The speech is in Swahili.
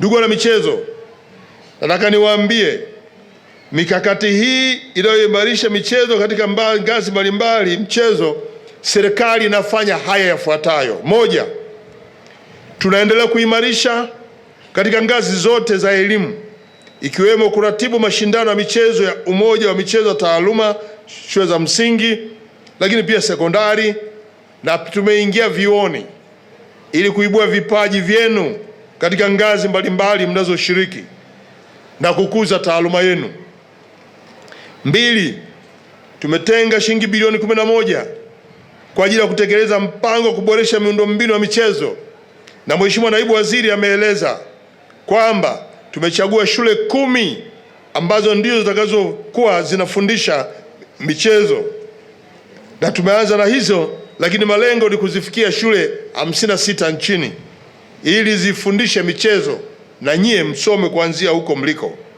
Ndugu wana michezo, nataka niwaambie mikakati hii inayoimarisha michezo katika ngazi mbalimbali mchezo, serikali inafanya haya yafuatayo: moja, tunaendelea kuimarisha katika ngazi zote za elimu ikiwemo kuratibu mashindano ya michezo ya Umoja wa Michezo ya Taaluma shule za msingi, lakini pia sekondari na tumeingia vioni ili kuibua vipaji vyenu katika ngazi mbalimbali mnazoshiriki na kukuza taaluma yenu. Mbili, tumetenga shilingi bilioni 11 kwa ajili ya kutekeleza mpango wa kuboresha miundombinu ya michezo, na Mheshimiwa Naibu Waziri ameeleza kwamba tumechagua shule kumi ambazo ndizo zitakazokuwa zinafundisha michezo na tumeanza na hizo, lakini malengo ni kuzifikia shule 56 nchini ili zifundishe michezo na nyie msome kuanzia huko mliko.